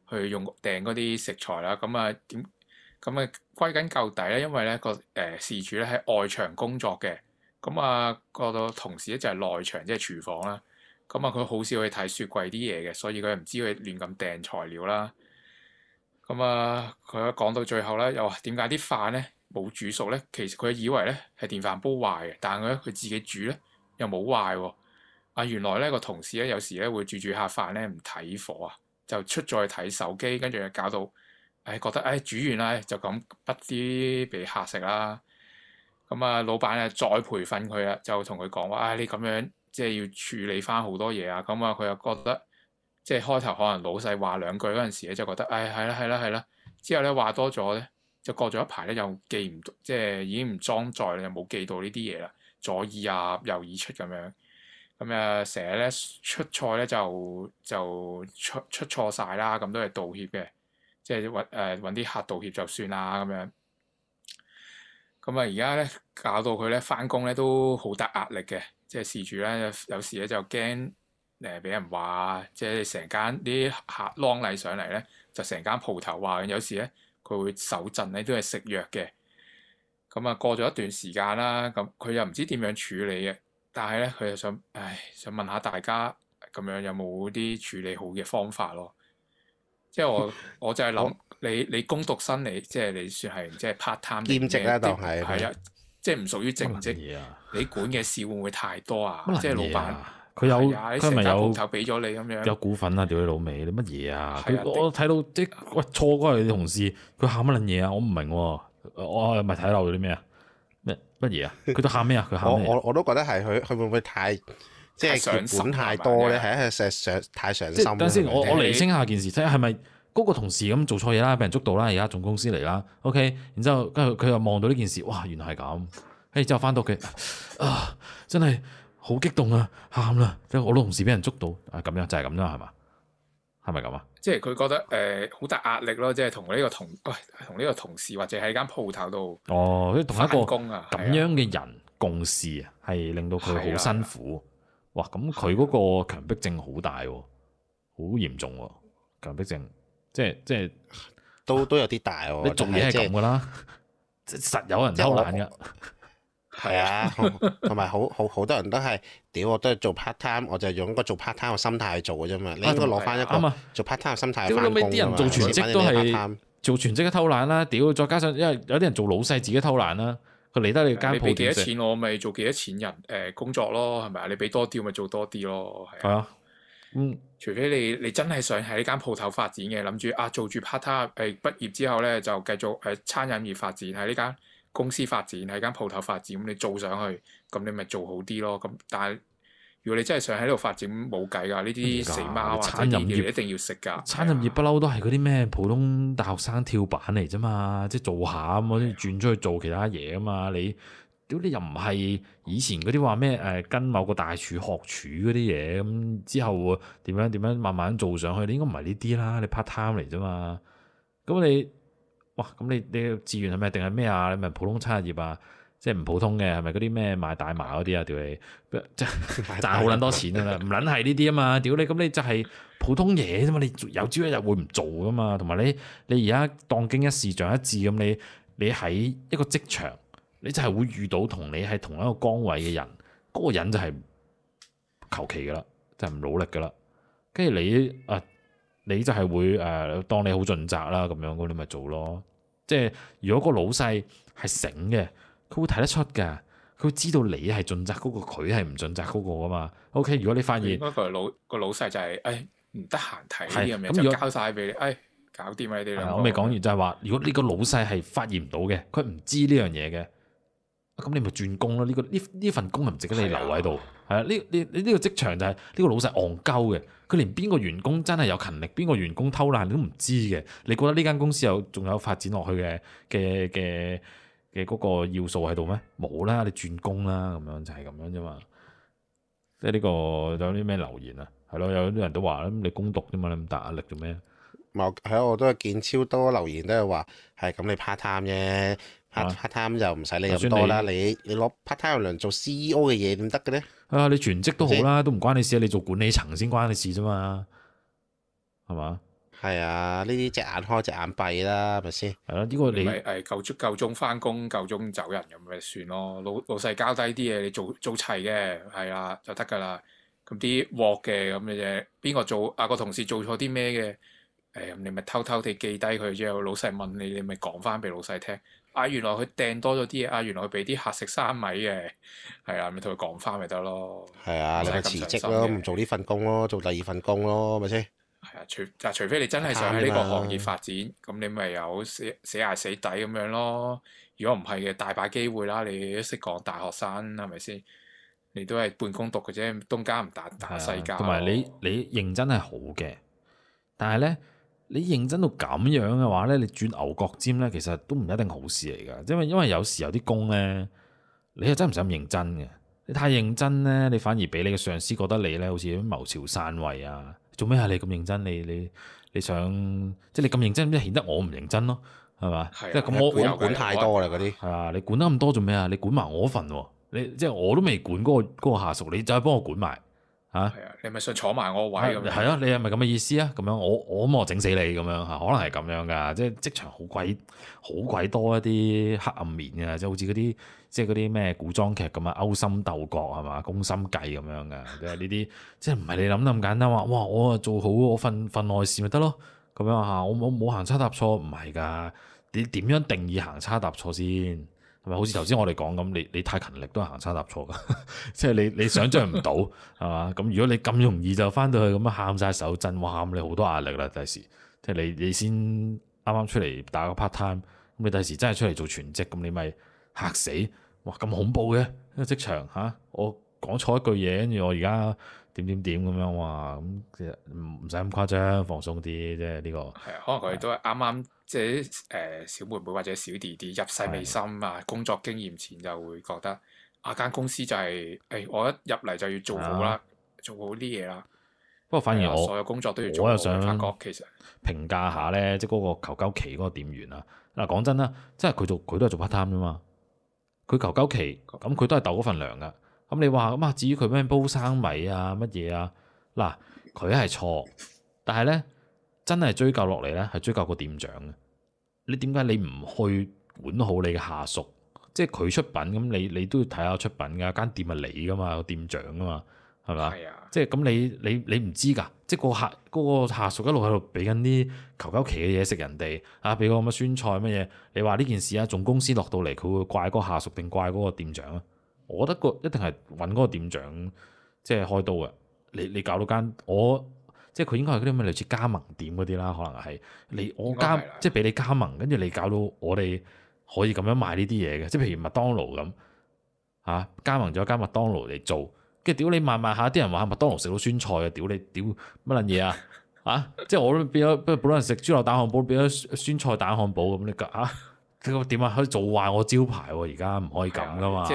去用訂嗰啲食材啦。咁啊點，咁啊歸根究底咧，因為咧個誒事主咧喺外場工作嘅。咁啊，個個同事咧就係內場，即係廚房啦。咁啊，佢好少去睇雪櫃啲嘢嘅，所以佢唔知佢亂咁訂材料啦。咁啊，佢一講到最後咧，又話點解啲飯咧冇煮熟咧？其實佢以為咧係電飯煲壞嘅，但係咧佢自己煮咧又冇壞喎。啊，原來咧個同事咧有時咧會煮煮下飯咧唔睇火啊，就出咗去睇手機，跟住搞到，誒覺得誒煮完啦就咁不知俾客食啦。咁啊、嗯，老闆啊，再培訓佢啊，就同佢講話，唉，你咁樣即係要處理翻好多嘢啊。咁、嗯、啊，佢又覺得即係開頭可能老細話兩句嗰陣時咧，就覺得，唉、哎，係啦，係啦，係啦。之後咧話多咗咧，就過咗一排咧，又記唔即係已經唔裝載啦，又冇記到呢啲嘢啦，左耳入、啊、右耳出咁樣。咁、嗯、啊，成日咧出錯咧就就出出錯晒啦，咁都係道歉嘅，即係揾誒揾啲客道歉就算啦咁樣。嗯嗯咁啊，而家咧搞到佢咧翻工咧都好大壓力嘅，即係事主咧，有時咧就驚誒俾人話，即係成間啲客啷禮上嚟咧，就成間鋪頭話。有時咧佢會手震咧，都係食藥嘅。咁啊，過咗一段時間啦，咁佢又唔知點樣處理嘅。但係咧，佢又想，唉，想問下大家咁樣有冇啲處理好嘅方法咯？即係我我就係諗。 你你工讀生你即係你算係即係 part time 兼職啦，當係，係啊，即係唔屬於正職。你管嘅事會唔會太多啊？即係老闆，佢有佢咪有俾咗你咁樣？有股份啊！屌你老味，你乜嘢啊？我睇到啲喂錯過你啲同事，佢喊乜撚嘢啊？我唔明喎，我係咪睇漏咗啲咩啊？咩乜嘢啊？佢都喊咩啊？佢喊我我都覺得係佢佢會唔會太即係管太多咧？係啊，上上太上心。等先，我我釐清下件事睇下係咪。嗰個同事咁做錯嘢啦，俾人捉到啦。而家總公司嚟啦，OK 然。然之後，跟住佢又望到呢件事，哇，原來係咁。跟住之後翻到屋企，啊，真係好激動啊，喊啦！即係好多同事俾人捉到，係咁樣就係咁啫嘛，係嘛？係咪咁啊？就是、是是即係佢覺得誒好、呃、大壓力咯，即係同呢個同喂同呢個同事或者喺間鋪頭度哦，同、啊、一個咁樣嘅人共事啊，係令到佢好辛苦、啊、哇。咁佢嗰個強迫症好大、哦，好嚴重喎、啊，強迫症。即係即係，都都有啲大喎。做嘢係咁噶啦，實有人偷懶嘅，係啊，同埋好好好多人都係屌，我都係做 part time，我就用個做 part time 嘅心態去做嘅啫嘛。你應該攞翻一個做 part time 嘅心態翻工啊嘛。啲人做全職都係做全職嘅偷懶啦，屌！再加上因為有啲人做老細自己偷懶啦，佢嚟得你間鋪幾多錢，我咪做幾多錢人誒工作咯，係咪啊？你俾多啲咪做多啲咯，係啊。嗯，除非你你真係想喺呢間鋪頭發展嘅，諗住啊做住 part time 誒畢業之後咧就繼續喺餐飲業發展，喺呢間公司發展，喺間鋪頭發展，你做上去，咁你咪做好啲咯。咁但係如果你真係想喺度發展，冇計噶呢啲死貓。餐飲業一定要食噶。餐飲業不嬲都係嗰啲咩普通大學生跳板嚟啫嘛，即係做下咁啊，轉咗的去做其他嘢啊嘛，你。屌你又唔係以前嗰啲話咩誒跟某個大廚學廚嗰啲嘢咁之後會點樣點樣慢慢做上去？你應該唔係呢啲啦，你 part time 嚟啫嘛。咁你哇，咁你你嘅志願係咩？定係咩啊？你咪普通餐業啊，即係唔普通嘅係咪嗰啲咩賣大麻嗰啲啊？屌你，即係賺好撚多錢㗎啦，唔撚係呢啲啊嘛。屌你，咁你就係普通嘢啫嘛。你有朝一日會唔做㗎嘛？同埋你你而家當經一事長一智咁，你你喺一個職場。你就係會遇到同你係同一個崗位嘅人，嗰、那個人就係求其噶啦，就係、是、唔努力噶啦。跟住你啊，你就係會誒、啊、當你好盡責啦，咁樣咁你咪做咯。即係如果個老細係醒嘅，佢會睇得出嘅，佢會知道你係盡責嗰個，佢係唔盡責嗰個噶嘛。OK，如果你發現個老個老細就係誒唔得閒睇咁樣嘢，就交晒俾你，誒搞掂啊呢啲啦。我未講完就係話，如果呢個老細係發現唔到嘅，佢唔知呢樣嘢嘅。咁、啊啊、你咪轉工咯？呢、這個呢呢份工係唔值得你留喺度。係啦的，呢你你呢個職、這個、場就係、是、呢、這個老細戇鳩嘅，佢連邊個員工真係有勤力，邊個員工偷懶你都唔知嘅。你覺得呢間公司有仲有發展落去嘅嘅嘅嘅嗰個要素喺度咩？冇啦，你轉工啦，咁樣就係、是、咁樣啫嘛。即係呢個有啲咩留言啊？係咯，有啲人都話咁你攻讀啫嘛，你咁大壓力做咩？係、嗯、啊，我都見超多留言都係話係咁，你 part time 啫。客 parttime 就唔使理咁多啦，你你攞 parttime 量做 CEO 嘅嘢點得嘅咧？啊，你全職都好啦，都唔關你事啊，你做管理層先關你事啫嘛，係嘛？係啊，呢啲隻眼開隻眼閉啦，咪先。係咯，呢個你唔係係夠足夠鐘翻工，夠鐘走人咁咪算咯。老老細交低啲嘢，你做做齊嘅，係啊就得噶啦。咁啲鑊嘅咁嘅啫，邊個做啊個同事做錯啲咩嘅？誒，你咪偷偷地記低佢之後，老細問你，你咪講翻俾老細聽。啊，原來佢掟多咗啲嘢，啊，原來佢俾啲客食生米嘅，係啊，咪同佢講返咪得咯。係啊，你咪辭職咯，唔、啊、做呢份工咯，做第二份工咯，咪先。係啊，除嗱，除非你真係想喺呢個行業發展，咁、啊、你咪有死死硬死底咁樣咯。如果唔係嘅，大把機會啦。你都識講大學生係咪先？你都係半工讀嘅啫，東家唔打打西家。同埋、啊、你你認真係好嘅，但係咧。你認真到咁樣嘅話咧，你轉牛角尖咧，其實都唔一定好事嚟噶。因為因為有時有啲工咧，你係真唔想咁認真嘅。你太認真咧，你反而俾你嘅上司覺得你咧好似有啲謀朝篡位啊！做咩啊？你咁認真，你你你想、嗯、即係你咁認真，唔知顯得我唔認真咯，係嘛？即係咁我管太多啦嗰啲係啊！你管得咁多做咩啊？你管埋我份喎，你即係我都未管嗰、嗰個嗰個下屬，你就幫我管埋。嚇係啊， 啊！你係咪想坐埋我位咁？係啊，你係咪咁嘅意思啊？咁樣我我咁我整死你咁樣嚇，可能係咁樣噶。即係職場好鬼好鬼多一啲黑暗面啊，即係好似嗰啲即係嗰啲咩古裝劇咁啊，勾心鬥角係嘛，攻心計咁樣噶。即係呢啲即係唔係你諗咁簡單話，哇！我做好我份份內事咪得咯咁樣嚇，我冇冇行差踏錯唔係㗎？你點樣定義行差踏錯先？係咪好似頭先我哋講咁？你你太勤力都係行差踏錯噶， 即係你你想象唔到，係嘛？ 咁如果你咁容易就翻到去咁樣喊晒手震，哇！喊你好多壓力啦，第時即係你你先啱啱出嚟打個 part time，咁你第時真係出嚟做全職，咁你咪吓死！哇！咁恐怖嘅職場吓、啊，我講錯一句嘢，跟住我而家。點點點咁樣哇，咁其實唔唔使咁誇張，放鬆啲即係呢個係啊，可能佢哋都啱啱的即係誒、呃、小妹妹或者小弟弟，入世未深啊，的工作經驗前就會覺得啊間的公司就係、是、誒、哎、我一入嚟就要做好啦，的做好啲嘢啦。不過反而我所有工作都要做好，我又也想發覺，其實評價下咧、就是，即係嗰個求救期嗰個店員啊，嗱，講真啦，即係佢做佢都係做 part time 啫嘛，佢求救期咁佢都係斗嗰份糧噶。咁、嗯、你話咁啊？至於佢咩煲生米啊，乜嘢啊？嗱，佢係錯，但係咧真係追究落嚟咧，係追究個店長。你點解你唔去管好你嘅下屬？即係佢出品咁，你你都要睇下出品㗎。間店係你㗎嘛，店長㗎嘛，係咪啊？係啊。即係咁你你你唔知㗎？即係個客嗰個下屬一路喺度俾緊啲求求其嘅嘢食人哋啊，俾個乜酸菜乜嘢？你話呢件事啊，總公司落到嚟，佢會怪嗰個下屬定怪嗰個店長啊？我覺得個一定係揾嗰個店長即係開刀嘅。你你搞到間我即係佢應該係嗰啲咩類似加盟店嗰啲啦，可能係你我加即係俾你加盟，跟住你搞到我哋可以咁樣賣呢啲嘢嘅。即係譬如麥當勞咁吓，加盟咗間麥當勞嚟做，跟住屌你賣賣下，啲人話麥當勞食到酸菜啊！屌你屌乜撚嘢啊！啊！即係我變咗不本人食豬柳蛋漢堡，變咗酸菜蛋漢堡咁你搞啊？點啊可以做壞我招牌喎？而家唔可以咁噶嘛～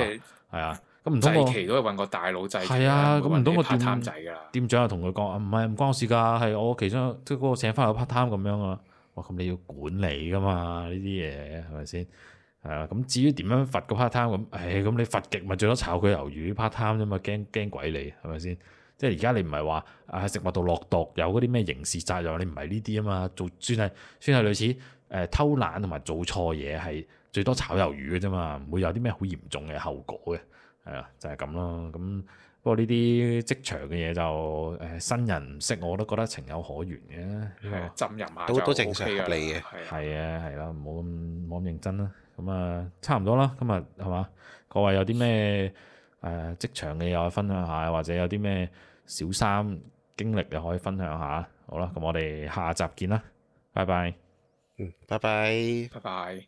係啊，咁唔通我制期都係搵個大佬制期啊，咁唔通個 part time 仔噶啦？店長又同佢講啊，唔係唔關我事㗎，係我其中即係嗰個請翻個 part time 咁樣啊。哇，咁你要管理噶嘛？呢啲嘢係咪先？係啊，咁至於點樣罰個 part time 咁？誒、哎，咁你罰極咪最多炒佢魷魚 part time 啫嘛？驚驚鬼、就是、你係咪先？即係而家你唔係話啊喺食物度落毒，有嗰啲咩刑事責任？你唔係呢啲啊嘛？做算係算係類似誒、呃、偷懶同埋做錯嘢係。最多炒魷魚嘅啫嘛，唔會有啲咩好嚴重嘅後果嘅，係啊，就係咁咯。咁不過呢啲職場嘅嘢就誒新人唔識，我都覺得情有可原嘅，嗯嗯、浸淫下都，都正常入嚟嘅，係啊，係咯，唔好咁冇咁認真啦。咁啊，差唔多啦，今日係嘛？各位有啲咩誒職場嘅嘢可以分享下，或者有啲咩小三經歷嘅可以分享下。好啦，咁我哋下集見啦，拜拜。嗯，拜拜，拜拜。